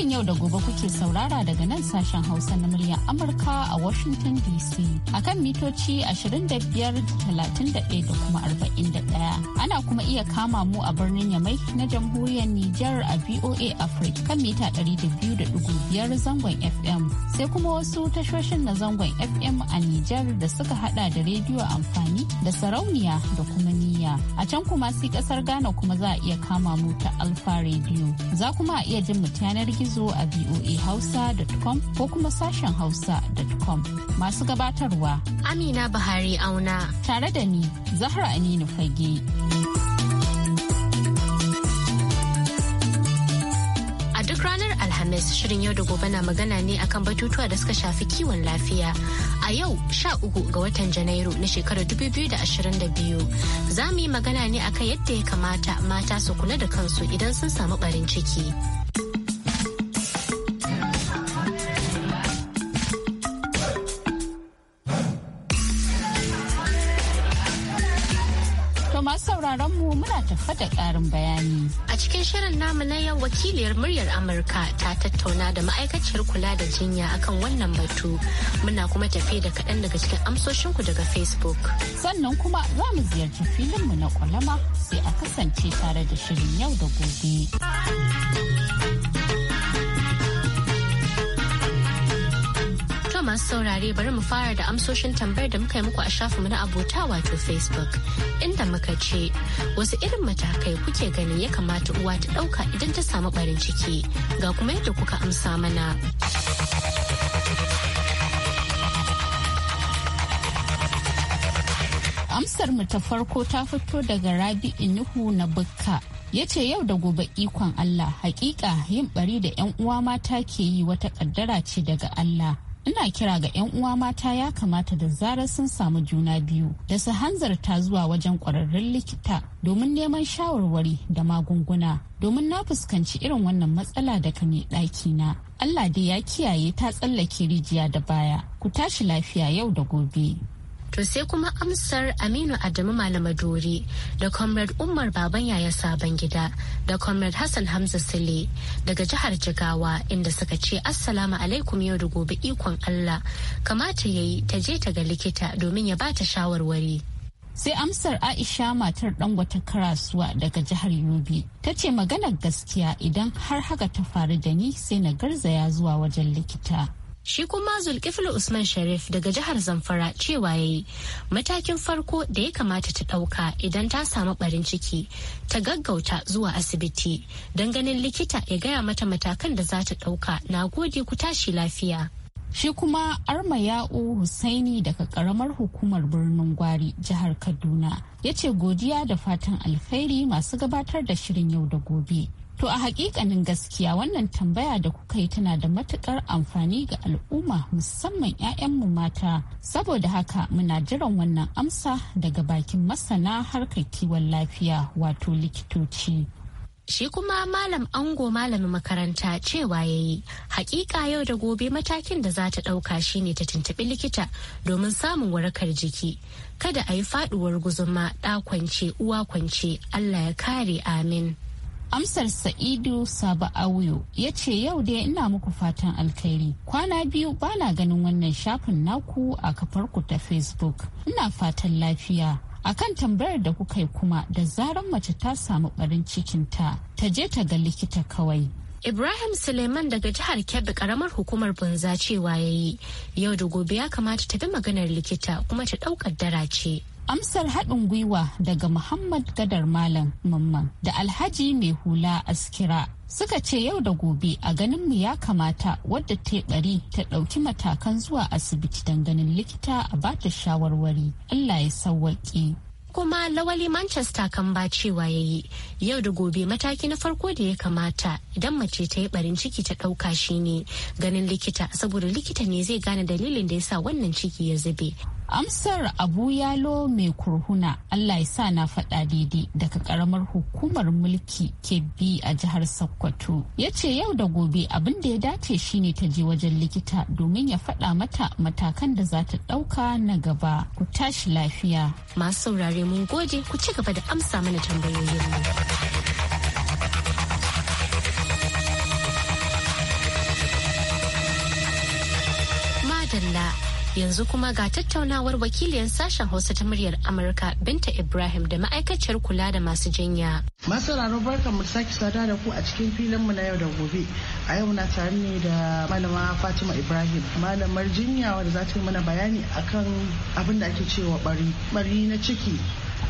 Shirin yau da gobe kuke saurara daga nan sashen Hausa na muryar Amurka a Washington DC a kan mitoci 25, da kuma 41. Ana kuma iya kama mu a birnin Yamai na jamhuriyar Nijar a VOA Africa kan mita 200.5 zangon FM. Sai kuma wasu tashoshin na zangon FM a Nijar da suka hada da rediyo amfani da sarauniya da kuma ni duniya. A can kuma sai kasar Ghana kuma za a iya kama mu ta Alfa Radio. Za kuma a iya jin mu yanar gizo a voahausa.com ko kuma sashen hausa.com. Masu gabatarwa. Amina Buhari auna. Tare da ni, Zahra Aminu Fage. Alhamis shirin yau da gobe na magana ne akan batutuwa da suka shafi kiwon lafiya. A yau sha uku ga watan Janairu na shekarar 2022 za mu yi magana ne akan yadda ya kamata mata su kula da kansu idan sun samu barin ciki. ta da ƙarin bayani. A cikin shirin namu na yau wakiliyar muryar Amurka ta tattauna da ma'aikaciyar kula da jinya akan wannan batu. Muna kuma tafe da kaɗan daga cikin amsoshinku daga Facebook. Sannan kuma za mu ziyarci filinmu na kwalama sai a kasance tare da shirin yau da gobe. jama'a masu saurare bari mu fara da amsoshin tambayar da muka yi muku a shafinmu na abota wato Facebook inda muka ce wasu irin matakai kuke ganin ya kamata uwa ta ɗauka idan ta samu barin ciki ga kuma yadda kuka amsa mana. Amsar mu ta farko ta fito daga rabi'inuhu inuhu na Bukka. ya ce yau da gobe ikon Allah hakika yin bari da 'yan uwa mata ke yi wata kaddara ce daga Allah ina kira ga 'yan uwa mata ya kamata da zarar sun samu juna biyu da su hanzarta zuwa wajen kwararrun likita domin neman shawarwari da magunguna domin na fuskanci irin wannan matsala daga mai ɗaki na allah dai ya kiyaye ta tsallake rijiya da baya ku tashi lafiya yau da gobe To sai kuma amsar Aminu Adamu Malamadori da Comrade Umar Baban Yaya Sabon Gida da Comrade Hassan Hamza Sule daga jihar Jigawa inda suka ce Assalamu alaikum yau da gobe ikon Allah kamata ya yi ta je ta ga likita domin ya bata shawarwari. Sai amsar Aisha matar dan wata karasuwa daga jihar Yobe ta ce maganar gaskiya idan har haka ta faru da ni sai na garzaya zuwa wajen likita. Shi kuma Zulkiflu Usman Sharif daga jihar Zamfara cewa ya yi matakin farko da ya kamata ta ɗauka idan ta samu ɓarin ciki ta gaggauta zuwa asibiti don ganin likita ya gaya mata matakan da za ta ɗauka na gode ku tashi lafiya. Shi kuma Arma Ya'u Husaini daga karamar hukumar birnin Gwari jihar Kaduna ya ce godiya da fatan alfairi masu gabatar da shirin yau da gobe. To a hakikanin gaskiya wannan tambaya da kuka yi tana da matukar amfani ga al'umma musamman 'ya'yanmu mata. Saboda haka muna jiran wannan amsa daga bakin masana harkar kiwon lafiya wato likitoci. Shi kuma malam ango malamin makaranta cewa ya yi hakika yau da gobe matakin da za ta ɗauka ne ta tuntuɓi likita domin samun warakar jiki. Kada a yi faɗuwar guzuma ɗa kwance uwa kwance Allah ya kare amin. Amsar Sa'idu Awuyo ya ce yau dai ina muku fatan alkhairi. Kwana biyu bana ganin wannan shafin naku a kafarku ta Facebook. Ina fatan lafiya. akan tambayar da kuka yi kuma da zarar mace ta samu barin cikinta ta je ta ga likita kawai Ibrahim Suleiman daga jihar Kebbi karamar hukumar Bunza cewa ya yi yau da gobe ya kamata ta bi maganar likita kuma ta ɗaukar dara ce. amsar haɗin gwiwa daga Muhammad Gadar Malam Mamman da Alhaji Mai Hula Askira suka ce yau da gobe a ganin mu ya kamata wadda ta bari ta ɗauki matakan zuwa asibiti don ganin likita a bata shawarwari Allah ya sawwaƙe. kuma lawali manchester kan ba cewa ya yi yau da gobe mataki na farko da ya kamata idan mace ta yi barin ciki ta ɗauka shine ganin likita saboda likita ne zai gane dalilin da ya sa wannan ciki ya zube amsar abu yalo mai kurhuna allah ya sa na faɗa daidai daga karamar hukumar mulki ke bi a jihar sokoto ya ce yau da gobe abin da ya dace shine ta je wajen likita domin ya faɗa mata matakan da za ta ɗauka na gaba ku tashi lafiya masu saurare mun gode ku ci gaba da amsa mana tambayoyin mu. Yanzu kuma ga tattaunawar wakiliyar sashen Hausa ta muryar Amurka Binta Ibrahim da ma'aikaciyar kula da masu jinya. Masu barkan mu sake sada da ku a cikin filin mu na yau da gobe. A yau na tare ne da malama Fatima Ibrahim, malamar jinya wadda za ta yi mana bayani akan abin da ake cewa bari, bari na ciki.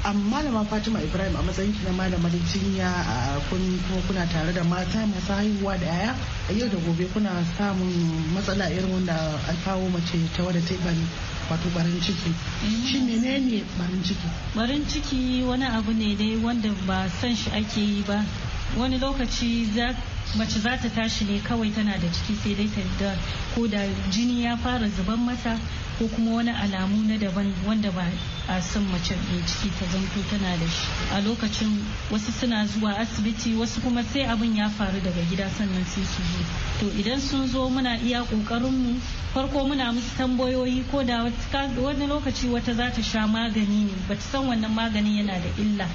malama fatima ibrahim a matsayin ki na malamar jinya a kun kuma kuna tare da mata masu haihuwa da yaya a yau da gobe kuna samun matsala irin wanda an kawo mace ta wadda ta bari wato barin ciki mm. shi menene barin ciki barin ciki wani abu ne dai wanda ba san shi ake yi ba wani lokaci za mace za ta tashi ne kawai tana da ciki sai dai ta da ko da jini ya fara zuban mata ko kuma wani alamu na daban wanda ba a son mace mai ciki ta zanto tana da shi a lokacin wasu suna zuwa asibiti wasu kuma sai abin ya faru daga gida sannan sai su zo to idan sun zo muna iya kokarin mu farko muna musu tambayoyi ko da wani lokaci wata za ta sha magani ne ba ta san wannan maganin yana da illa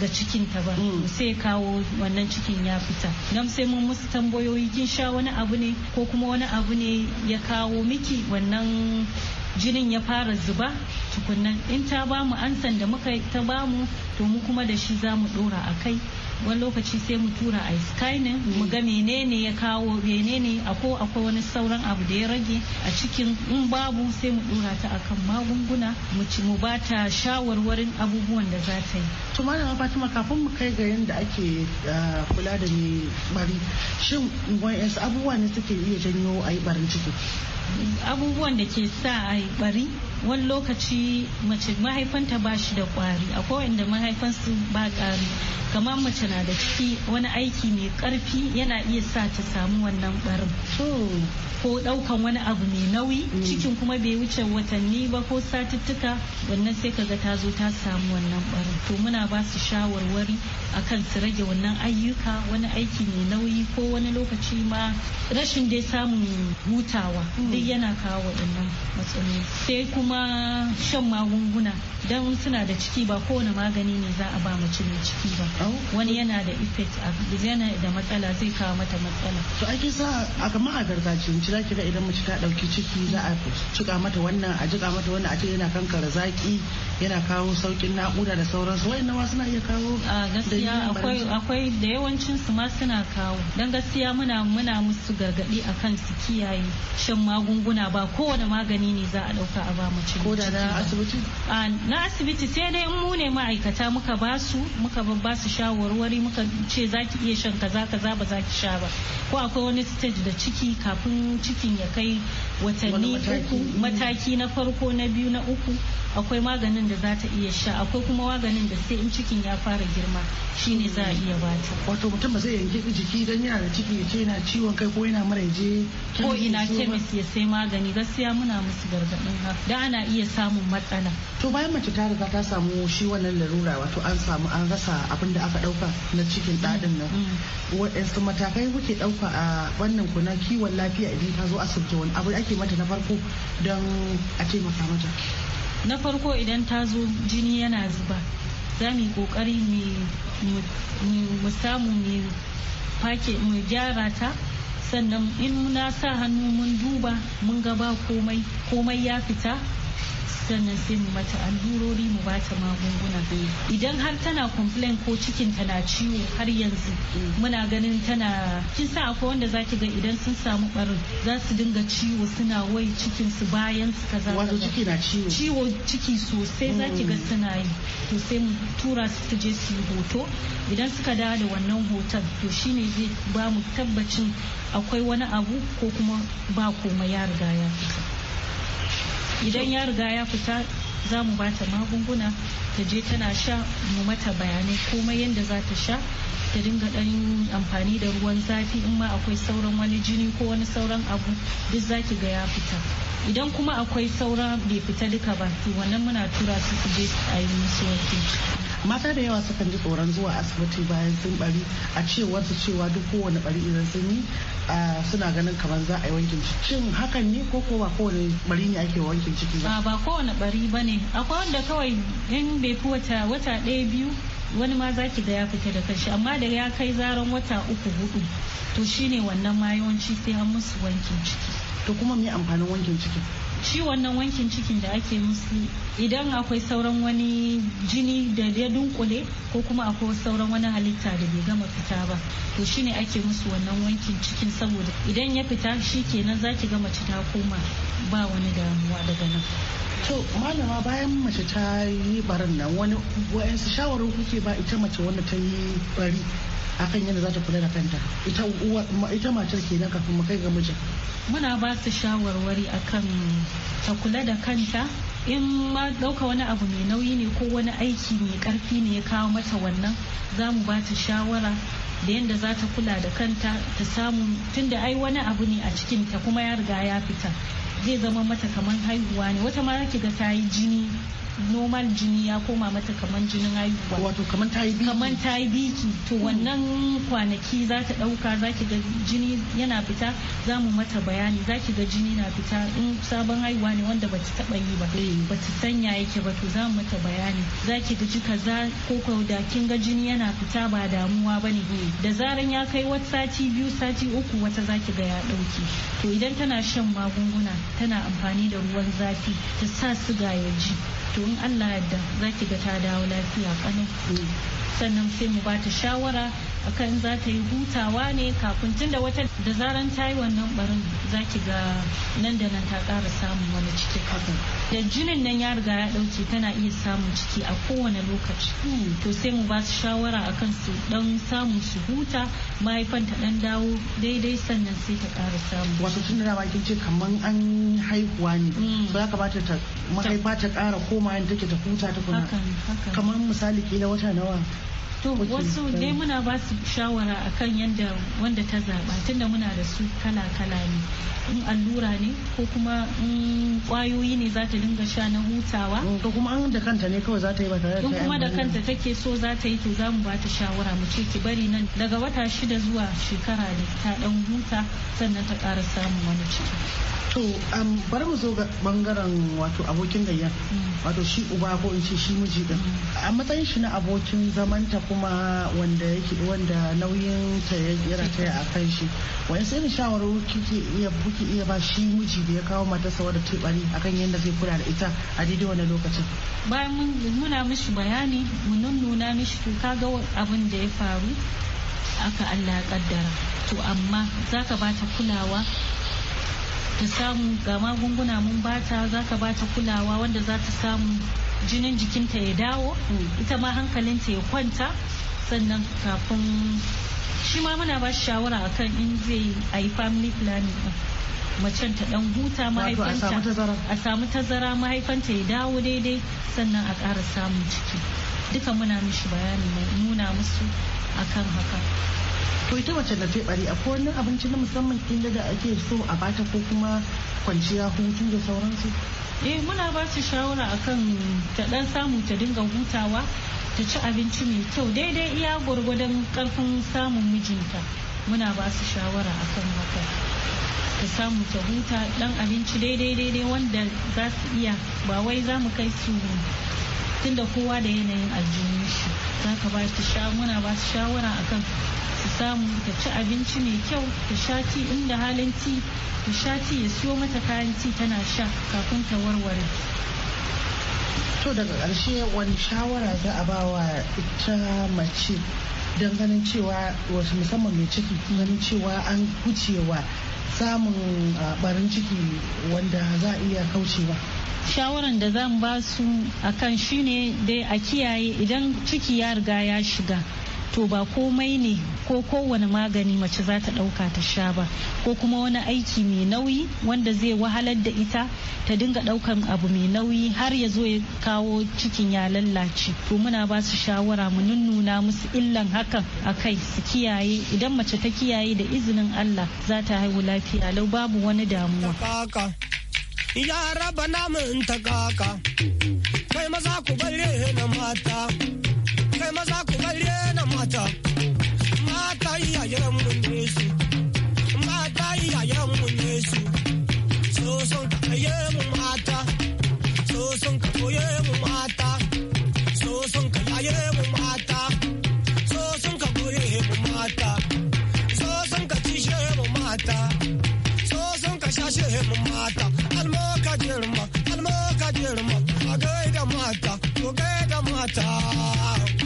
ga cikinta ba mm. sai kawo wannan cikin ya fita don sai mun musu tambayoyi kin sha wani abu ne ko kuma wani abu ne ya kawo miki wannan jinin ya fara zuba tukunan in ta bamu ansan da muka ta bamu to mu kuma da shi za mu dora a kai wani lokaci sai mu tura a scanning mu ga menene ya kawo menene ako akwai wani sauran abu da ya rage a cikin in babu sai mu dora ta akan magunguna mu ci mu bata shawarwarin abubuwan da za ta yi to malama fatima kafin mu kai ga yadda ake ah, kula da mai bari shin abubuwa ne suke iya janyo a yi barin ciki abubuwan da ke sa a Buddy. wani lokaci mace mahaifanta ba shi da kwari akwai wanda mahaifansu ba kari kamar mace na da ciki wani aiki mai karfi yana iya sa ta samu wannan barin ko daukan wani abu mai nauyi mm. cikin kuma bai wuce watanni ba ko satuttuka wannan sai kaga ta zo ta samu wannan barin to muna ba su shawarwari kan su rage wannan ayyuka wani aiki mai nauyi ko wani lokaci ma rashin dai samun hutawa mm. duk yana kawo waɗannan matsaloli sai kuma kuma shan magunguna don suna da ciki ba kowane magani ne za a ba mace mai ciki ba wani yana da effect yana da matsala zai kawo mata matsala to ake sa a kama a gargajiyance za ki ga idan mace ta dauki ciki za a cika mata wannan a jika mata wannan a ce yana kankara zaki yana kawo saukin na'ura da sauransu wayannan nawa suna iya kawo a gaskiya akwai akwai da yawancin su ma suna kawo dan gaskiya muna muna musu gargadi akan su kiyaye shan magunguna ba kowane magani ne za a dauka a ba ko da na asibiti na asibiti sai dai mu ne ma'aikata muka basu muka ba su shawarwari muka ce za ki iya shan kaza kaza ba za ki sha ba ko akwai wani stage da ciki kafin cikin ya kai watanni uku mataki na farko na biyu na uku akwai maganin da za ta iya sha akwai kuma maganin da sai in cikin ya fara girma shine za a iya bata wato mutum ba zai yanke jiki dan yana da ciki ya ce yana ciwon kai ko yana mara je ko ina kemis ya sai magani gaskiya muna musu gargadin ha da ana iya samun matsala to bayan mace ta riga ta samu shi wannan larura wato an samu an rasa abin da aka dauka na cikin dadin nan mm, mm. wadansu matakai kuke dauka a wannan ku kiwon lafiya idan ta zo asibiti wani abu ake mata na farko don a taimaka mata na farko idan ta zo jini yana zuba za mu yi kokari mu samu mu fake gyara ta sannan in na sa hannu mun duba mun gaba komai ya fita sannan sai mu mata allurori mu bata magunguna idan har tana complain ko cikin na ciwo har yanzu muna ganin tana kin sa akwai wanda zaki ga idan sun samu barin za su dinga ciwo suna wai cikin su bayan su kaza wato ciki na ciwo ciwo ciki sosai zaki ga suna yi to sai mu tura su su je su yi hoto idan suka dawo da wannan hoton to shine zai ba mu tabbacin akwai wani abu ko kuma ba komai ya riga ya fita idan ya riga ya fita za mu ba ta magunguna ta je tana sha mu mata bayanai komai yadda za ta sha ta dinga ɗan amfani da ruwan zafi in ma akwai sauran wani jini ko wani sauran abu duk zaki ga ya fita idan kuma akwai saura bai fita duka ba to wannan muna tura su su je a yi musu wanki mata da yawa sukan ji tsoron zuwa asibiti bayan sun bari a cewar su cewa duk kowane bari idan sun yi suna ganin kamar za a yi wankin ciki hakan ne ko ko ba kowane bari ne ake wankin ciki ba ba kowane bari ba ne akwai wanda kawai in bai fi wata wata ɗaya biyu wani ma zaki ki ga ya fita da kanshi amma da ya kai zaran wata uku hudu to shine wannan ma yawanci sai an musu wankin ciki to kuma me amfanin wankin ciki shi wannan wankin cikin da ake musu idan akwai sauran wani jini da ya dunkule ko kuma akwai sauran wani halitta da bai gama fita ba to shine ake musu wannan wankin cikin saboda idan ya fita shi kenan zaki ga mace ta koma ba wani damuwa daga nan to malama bayan mace ta yi barin nan wani wa'ansu shawarar kuke ba ita mace wanda ta yi bari kan yadda za ta kula da kanta ita ita matar kenan kafin mu kai ga mijin muna ba su shawarwari akan ta kula da kanta in ma dauka wani abu mai nauyi ne ko wani aiki mai karfi ne ya kawo mata wannan za mu ba ta shawara da yadda za ta kula da kanta ta samu tunda ai wani abu ne a cikin ta kuma ya riga ya fita zai zama mata kamar haihuwa ne wata ma ki ga ta yi jini normal jini ya koma mata kamar jinin haihuwa wato kamar ta yi biki kamar ta yi biki to hmm. wannan kwanaki za ta dauka za ki ga jini yana fita za mu mata bayani za ki ga jini na fita in sabon haihuwa ne wanda ba ta taba yi ba eh. ba ta sanya yake ba to za mu mata bayani za ki ga jika za ko ko da kin ga jini yana fita ba damuwa ba ne hmm. da zaran ya kai wata sati biyu sati uku wata za ki ga ya dauke to idan tana shan magunguna tana amfani da ruwan zafi ta sa suga ya ji to in Allah yadda za ki ga ta dawo lafiya kanin sannan sai mu ba ta shawara akan za ta yi hutawa ne kafin tunda wata da zaran ta yi wannan barin za ki ga nan da nan ta kara samun wani ciki kafin da jinin nan ya riga ya ɗauke tana iya samun ciki a kowane lokaci to sai mu ba su shawara akan su dan samu su huta mahaifan ta dan dawo daidai sannan sai ta ƙara samu wato tun da ba ce kaman an haihuwa ne ba ka ba ta mahaifa ta ƙara ko koma yin take ta huta ta kuna kamar misali kila wata nawa to wasu dai muna ba su shawara akan yadda wanda ta zaba tunda muna da su kala-kala ne in allura ne ko kuma in kwayoyi ne za ta dinga sha na hutawa mm, ko kuma an da kanta ne kawai za ta yi ba tare da in kuma da kanta take so za ta yi to za mu ba ta shawara mu ce ki bari nan daga wata shida zuwa shekara ne ta dan huta sannan ta ƙara samun wani ciki to um, bari mu zo ga bangaren wato abokin gayya mm. wato shi uba ko in ce shi miji din mm. a matsayin shi na abokin zamanta kuma wanda yake wanda nauyin ta ya ta a kan shi wani sai shawara kike iya buki iya ba shi miji da ya kawo mata sawa da bari akan yadda zai kula da ita a daidai wannan lokacin bayan muna mishi bayani mun nuna mishi to kaga abin da ya faru aka Allah ya kaddara to amma zaka bata kulawa ta samu ga magunguna mun bata zaka bata kulawa wanda za ta samu jinin jikinta ya dawo ita ma hankalinta ya kwanta sannan kafin shi ma muna ba shawara akan in zai a yi family planning macen ta dan huta mahaifanta a samu tazara mahaifanta ya dawo daidai sannan a ƙara samun ciki duka muna mishi bayani mai nuna musu akan haka to ita mace na bari a wani abinci na musamman kin daga ake so a bata ko kuma kwanciya hutu da sauransu eh muna ba su shawara akan ta dan samu ta dinga hutawa ta ci abinci mai kyau daidai iya gwargwadon karfin samun mijinta muna ba su shawara akan haka ta samu ta huta dan abinci daidai daidai wanda za su iya ba wai za mu kai su tunda kowa da yanayin aljihun shi za ka ba ta sha ba su shawara akan su samu ta ci abinci mai kyau ta sha ti inda halin ti ta sha ti ya siyo mata kayan ti tana sha kafin ta warware to daga ƙarshe wani shawara za a ba wa ita mace don ganin cewa wasu musamman mai ciki ganin cewa an wa samun barin ah, ciki wanda za a iya kaucewa. shawaran da zan ba su a akan shine dai a kiyaye idan ciki ya riga ya shiga to ba komai ne ko kowane magani mace za ta ɗauka ta sha ba ko kuma wani aiki mai nauyi wanda zai wahalar da ita ta dinga ɗaukan abu mai nauyi har ya zo ya kawo cikin ya lallace to muna ba su shawara mu nunnuna musu illan hakan a kai su kiyaye idan mace ta kiyaye da izinin Allah za ta haihu lafiya lau babu wani damuwa. ya raba namun ta kaka kai maza ku bare na mata kai maza ku bare na mata mata iyayen mun ne su mata iyayen mun ne su so son ka kaye mu mata so son ka koye mu mata so son ka yaye mu mata so son ka koye mu mata so son ka tishe mu mata so son ka shashe mu mata ka girma alma ka girma a gaida mata to gaida mata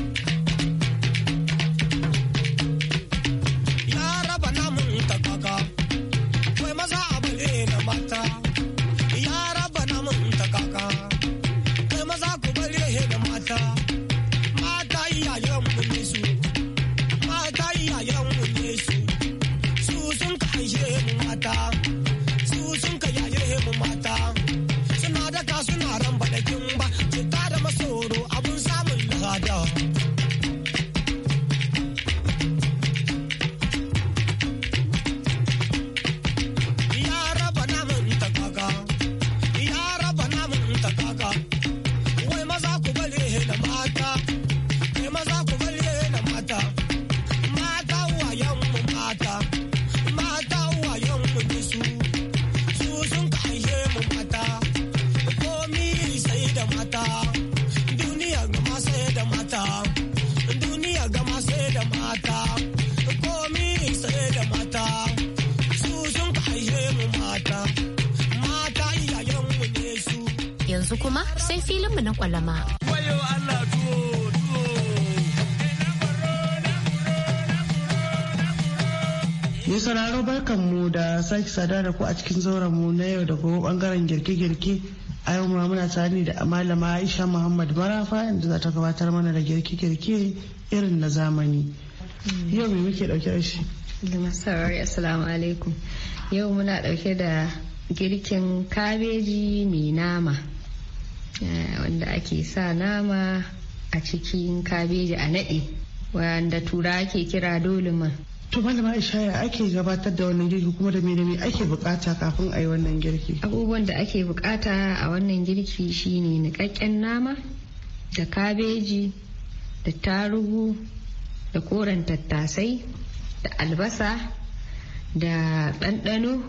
Mai sauraro barkan mu da sake sada da ku a cikin zauren mu na yau da gobe bangaren girke-girke a yau ma muna tare da malama Aisha Muhammad Marafa inda za ta gabatar mana da girke-girke irin na zamani. Yau me muke dauke da shi? Masarari assalamu alaikum. Yau muna dauke da girkin kabeji mai nama eh, wanda ake sa nama a cikin kabeji a nade wanda tura ke kira doliman. To malama Aisha ya ake gabatar da wannan girki kuma da me ake bukata kafin a yi wannan girki? Abubuwan da ake bukata a wannan girki shine nikakken nama da kabeji da tarugu da koren tattasai da albasa da ɗanɗano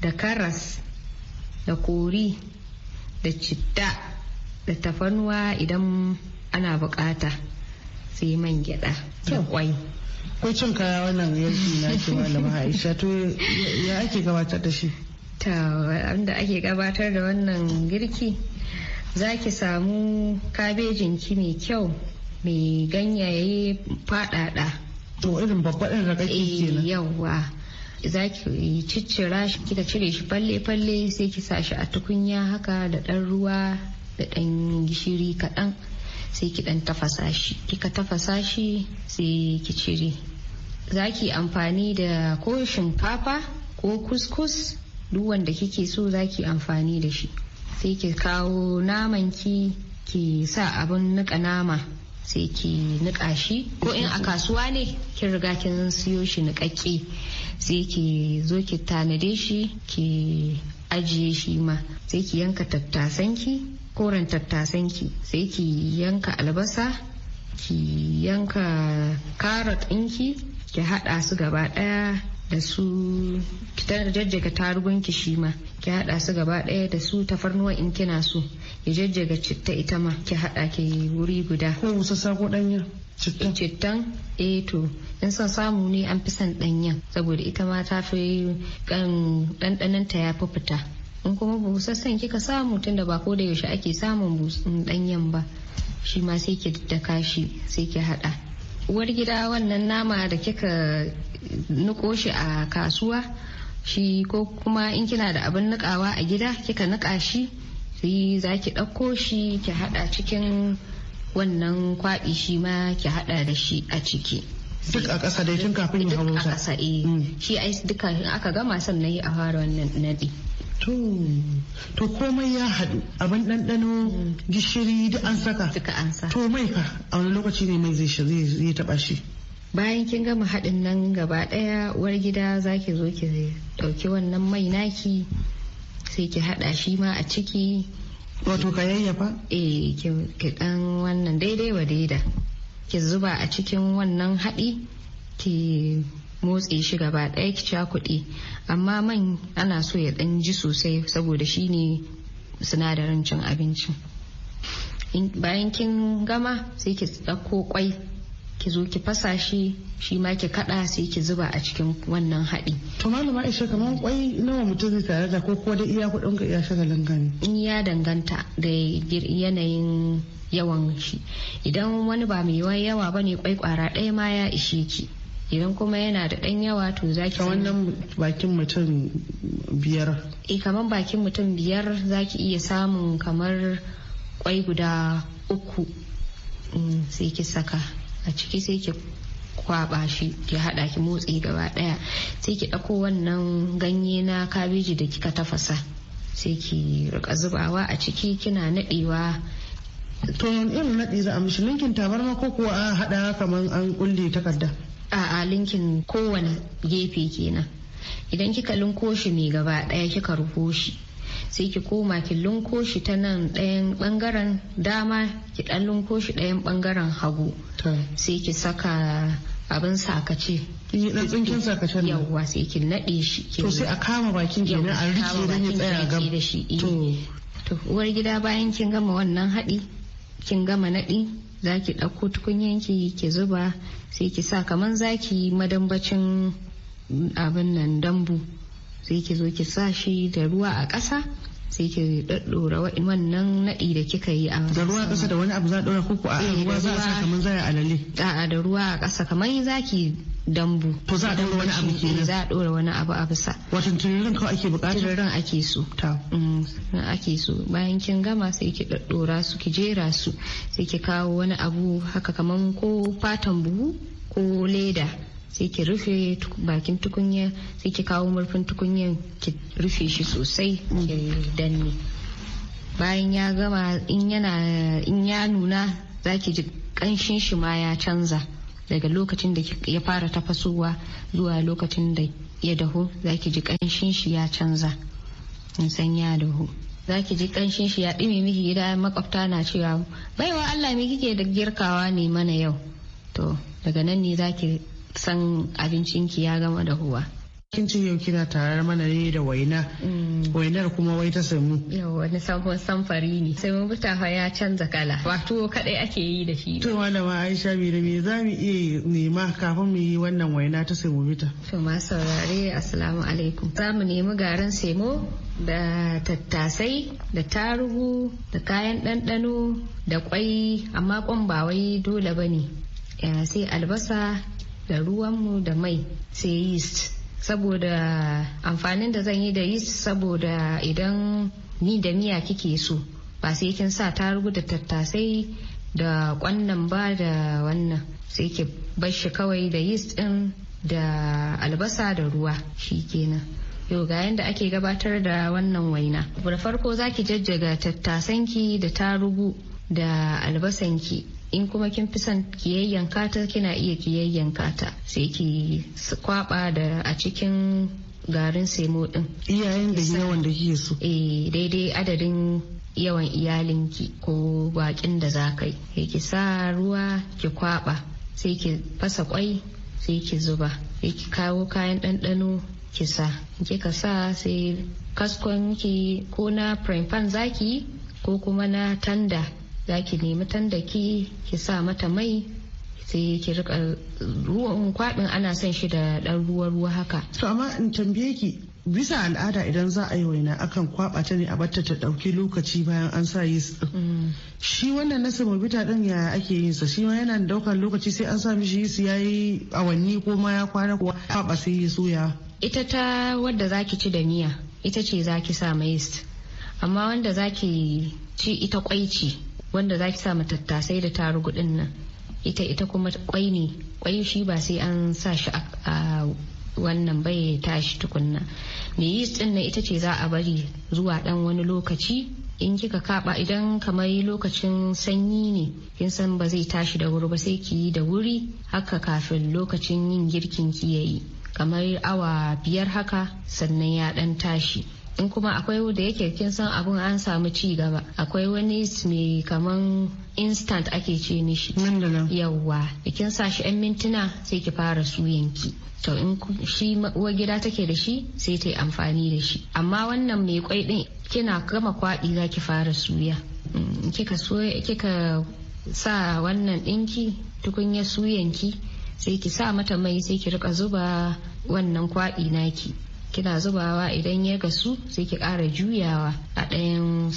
da karas da kori da citta da tafanuwa idan ana bukata sai man gyada da kwai. ko cin kaya wannan yanki na ke malama aisha to ya ake gabatar da shi ta wanda ake gabatar da wannan girki za ki samu kabejin ki mai kyau mai ganyaye fadada to irin babba din raka ke nan eh, yawa za ki ciccira shi kika cire shi falle falle sai ki sa shi a tukunya haka da dan ruwa da dan gishiri kaɗan sai ki dan tafasa shi kika tafasa shi sai ki cire za ki amfani da ko shinkafa ko kuskus duk wanda kike so za ki amfani da shi sai ki kawo naman ki ki sa abun nika nama sai ki nika shi ko in a kasuwa ne kin riga kin siyo shi nikakke sai ki zo ki tanade shi ki ajiye shi ma sai ki yanka tattasan ki koren tattasan ki sai ki yanka albasa ki yanka carrot ɗinki ki haɗa su gaba ɗaya da su ki jajjaga tarugun ki shi ma ki haɗa su gaba ɗaya da su tafarnuwa in kina so ki jajjaga citta ita ma ki haɗa ki wuri guda ko wusassa ko ɗanya cittan cittan eh to in son samu ne an fi son ɗanyen saboda ita ma ta fi um, ta ya fi fita in kuma busassan kika samu tun da ba ko da yaushe ake samun danyen ba shi ma sai ki daddaka shi sai ki hada uwar gida wannan nama da kika niko shi a kasuwa shi ko kuma in kina da abin nikawa a gida kika nika shi sai za ki ɗauko shi ki hada cikin wannan kwaɗi shi ma ki hada da shi a ciki duk a ƙasa dai tun kafin ya hau wuta duk a ƙasa eh mm. shi ai duka aka gama sannan yi a fara wannan nadi to komai ya haɗu abin ɗanɗano gishiri duk an saka duka an sa to mai ka a wani lokaci ne mai zai zai taɓa shi bayan kin gama haɗin nan gaba ɗaya uwar gida za ki zo ki ɗauki wannan mai naki sai ki haɗa shi ma a ciki wato ka yayyafa eh ki ɗan wannan daidai wa daida ki zuba a cikin wannan haɗi ki motse shi gaba ɗaya ki kuɗi amma man ana so ya ɗan ji sosai saboda shi ne sinadarin cin abinci bayan kin gama sai ki ɗauko kwai ki zo ki fasa shi shi ma ki kada sai ki zuba a cikin wannan haɗi. To malama ishe kamar kwai nawa mutum zai tare da ko ko da iya kuɗin ka iya shagalin gani. In ya danganta da yanayin yawan shi idan wani ba mai yawa bane kwai kwara ɗaya ma ya ishe ki. idan kuma yana da ɗan yawa to za ki wannan bakin mutum biyar eh kamar bakin mutum biyar za ki iya samun kamar kwai guda uku mm, sai ki saka a ciki sai ki kwaba shi ki hada ki motsi gaba daya sai ki ɗauko wannan ganye na kabeji da kika tafasa sai ki rika zubawa a ciki kina nadewa to yan irin za a mishi linkin tabarma ko kuwa a haɗa kamar an kulle takarda a'a linkin kowane gefe kenan idan kika linko shi mai gaba daya kika rufo shi sai ki koma ki linko shi ta nan ɗayan bangaren dama ki dan linko shi ɗayan bangaren hagu sai ki saka abin sakace in dan tsinkin sakacen yawwa sai ki nade shi to sai a kama bakin kenan a rike dan ya tsaya gam eh. to to uwar gida bayan kin gama wannan haɗi kin gama nadi za ki ɗauko tukunyanki ki zuba sai ki sa kamar za ki yi madambacin abin nan dambu sai ki zo ki sa shi da ruwa a ƙasa sai ki daddora wannan naɗi da kika yi a da ruwa ƙasa da wani abu za a ɗora kuku a eh, ruwa za a sa kamar za a alale a'a da ruwa a ƙasa kamar za ki dambu to za a dora wani abu eh, kenan za a dora wani abu a bisa Wato tururin kawai ake bukata tururin ake so ta mm. ake so bayan kin gama sai ki daddora su ki jera su sai ki kawo wani abu haka kaman ko fatan buhu ko leda sai ki rufe bakin tukunya sai ki kawo murfin tukunyan ki rufe shi sosai ki danne bayan ya gama in yana in ya nuna zaki ji kanshin shi ma ya canza daga lokacin da ya fara tafasowa zuwa lokacin da ya dahu za ki ji kanshin shi ya canza in san ya dahu za ki ji kanshin shi ya ɗume miki gida makwabta na cewa baiwa Allah mai kike da girkawa ne mana yau to daga nan ne za ki san abincinki ya gama dahuwa kin ce yau kina tarar mana ne da waina mm. wainar kuma wai ta samu yau wani sabon samfari ne sai mun buta ya canza kala wato kadai ake yi da shi to malama Aisha bai da me za mu iya nema kafin mu yi wannan waina ta samu bita to ma saurare assalamu alaikum za mu nemi garin semo da tattasai da tarugu da kayan ɗanɗano da kwai amma kwan ba wai dole bane eh, sai albasa da ruwanmu da mai sai yeast saboda amfanin da zan yi da yeast saboda idan ni da miya kike so ba sai kin sa tarugu da tattasai da kwannan ba da wannan sai ki bashi kawai da yeast din da albasa da ruwa shi kenan yau ga yadda ake gabatar da wannan waina da farko zaki ki jajjaga tattasanki da tarugu da albasanki in kuma kin fi son kiyayyen kata kina iya kiyayyanka kata sai ki kwaba da a cikin garin semo din iyayen da yawan da kike so eh daidai adadin yawan iyalinki ko bakin da za ka yi ki sa ruwa ki kwaba sai ki fasa kwai sai ki zuba sai ki kawo kayan ɗanɗano ki sa ka sa sai kaskon ki ko na prime pan zaki ko kuma na tanda za ki nemi tandaki ki sa mata mai sai ki rika ruwan kwaɗin ana son shi da ɗan ruwa ruwa haka to amma in tambaye ki bisa al'ada idan za a yi waina akan kwaba ta ne a batta ta ɗauki lokaci bayan an sa yi mm. shi wannan na samobita ɗin ya ake yin sa shi ma yana ɗaukar lokaci sai an sa mishi yi ya yi awanni ko ma ya kwana ko kwaba sai yi soya ita ta wadda zaki ci da miya ita ce za ki sa mai amma wanda zaki ci ita kwai ce wanda zaki sa ma tattasai da tarugu din nan ita ita kuma kwai ne kwai shi ba sai an sa shi a wannan bai tashi tukunna me yeast din nan ita ce za a bari zuwa dan wani lokaci in kika kaba idan kamar lokacin sanyi ne kin san ba zai tashi da wuri ba sai ki yi da wuri haka kafin lokacin yin girkin ki yayi kamar awa biyar haka sannan ya dan tashi in kuma akwai da yake kin san abun an samu ci gaba akwai wani mai kaman instant ake ce mishi yawwa kin sa shi yan mintuna sai ki fara suyanki to in shi uwa gida take da shi sai ta yi amfani da shi amma wannan mai kwai din kina gama kwaɗi za ki fara suya mm, kika kika sa wannan ɗinki tukunya suyanki sai ki sa mata mai sai ki rika zuba wannan kwaɗi naki kina zubawa idan ya gasu sai ki ƙara juyawa a ɗayan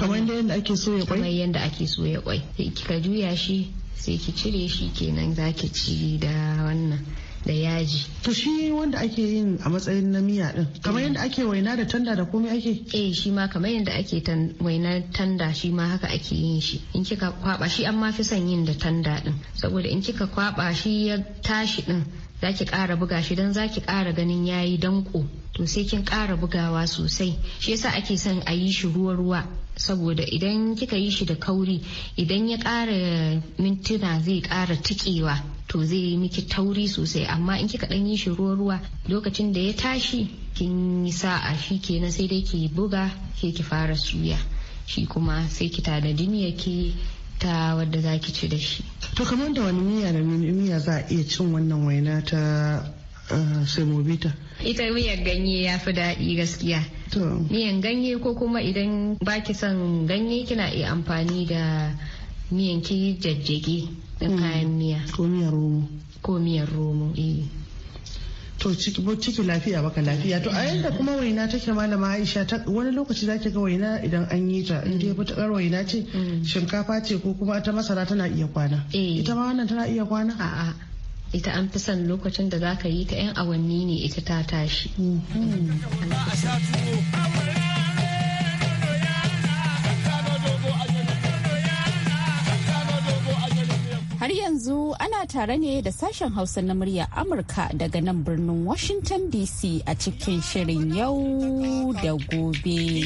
kamar yadda ake so ya kwai kamar yadda ake kika juya shi sai ki cire shi kenan za ki ci da wannan da yaji. To shi wanda ake yin a matsayin na miya din kamar yadda ake waina da tanda da komai ake? Eh shi ma kamar yadda ake waina tanda shi ma haka ake yin shi. In kika kwaba shi an ma fi son yin da tanda din saboda in kika kwaba shi ya tashi din za ki ƙara buga shi don za ki ƙara ganin ya yi danko to sai kin ƙara bugawa sosai shi yasa ake son a yi shi ruwa-ruwa saboda idan kika yi shi da kauri idan ya ƙara mintuna zai ƙara tikewa to zai yi miki tauri sosai amma in kika ɗan yi shi ruwa-ruwa lokacin da ya tashi kin yi sa'a shi kenan sai dai ki buga ke ki fara suya shi kuma sai ki tanadi yake. ta wadda za ki ci da shi to kamar da wani miya da miya za a iya cin wannan waina ta eh, semovita ita miyan ganye ya fi daɗi gaskiya miyan ganye ko kuma idan baki son ganye kina iya amfani da miyan ki jajjage da mm. kayan miya ko miyar romo ko miyar romo eh to ciki lafiya baka lafiya to a yadda kuma waina take malama Aisha ta wani lokaci zaki ga waina idan an yi ta in dai fitakar mm. waina ce mm. shinkafa ce ko kuma ta masara tana iya kwana eh. ita ma wannan tana iya kwana a'a ita an fi son lokacin da zaka yi ta yan awanni ne ita ta tashi mm. yanzu ana tare ne da sashen Hausa na murya Amurka daga nan birnin Washington DC a cikin shirin yau da gobe.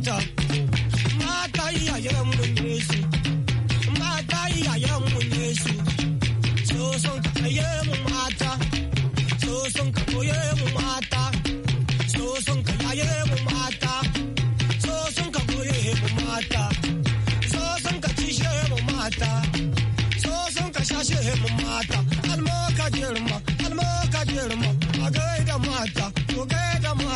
Yeah.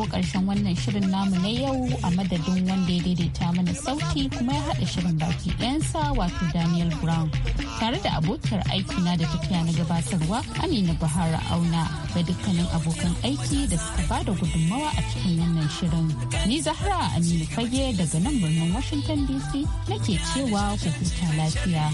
kawo ƙarshen wannan shirin namu na yau a madadin wanda ya daidaita mana sauti kuma ya haɗa shirin baki ɗayansa wato Daniel Brown. Tare da abokiyar aiki na da tafiya na gabatarwa Amina Bahara Auna da dukkanin abokan aiki da suka ba da gudunmawa a cikin wannan shirin. Ni Zahra Aminu Fage daga nan birnin Washington DC nake cewa ku huta lafiya.